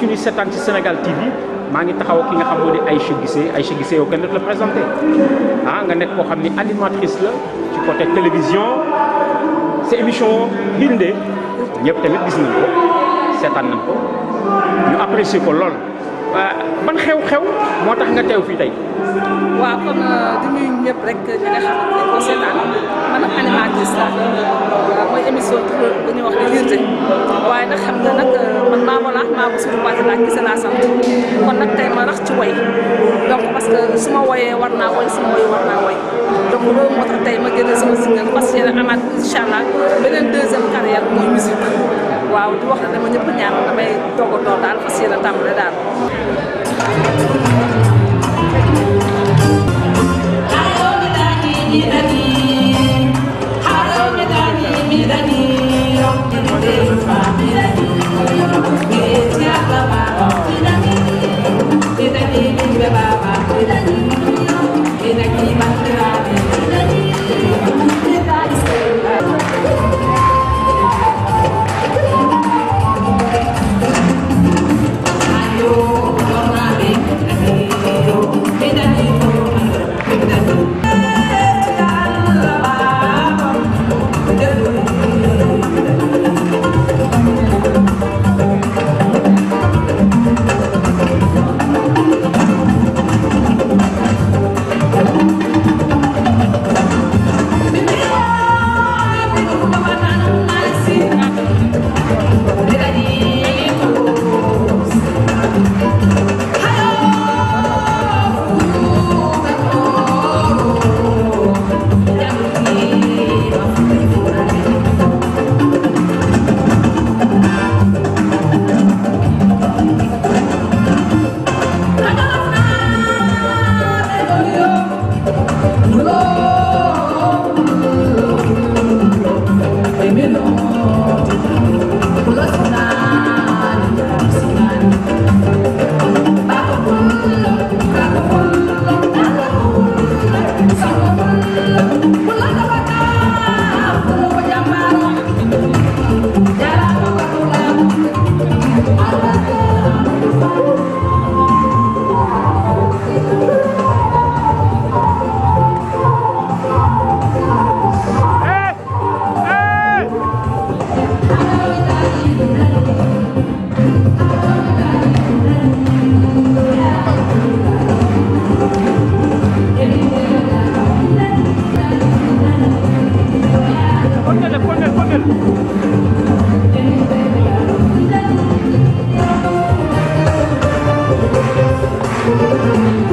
ci ñuy seetaan Sénégal TV maa ngi taxaw ki nga xam moo di Aïcha Guissé Aïcha Guissé yow kenn la présenté ah nga nekk koo xam ni animatrice la ci côté télévision sa émission bindé ñëpp tamit gis nañ ko seetaan nañ ko ñu apprécier ko lool ah, ban xew-xew moo tax nga teew fii tey. waaw comme euh, di nuyu ñëpp rek ñi nga xam ne ko seetaan man animatrice Diaw suñu laa gisee laa sant kon nag tey ma rax ci woy donc parce su ma woyee war naa woy su ma woyee war naa woy donc loolu moo tax tey ma génne sama single parce que yéen a amaat incha allah beneen deuxième carrière mooy musique waaw di wax ne dama ñëpp ñaan damay doog a door daal fas yéene tàmbale daal. Thank you.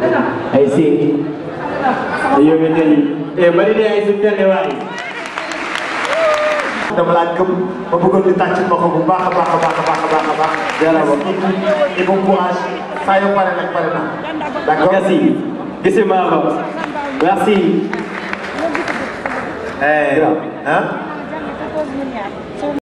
I see. You will tell every eh, day I should tell you why. dama laaj gëm ma bëggoon ñu tàcc ma ko bu baax a baax a baax a baax a baax a baax yàlla ba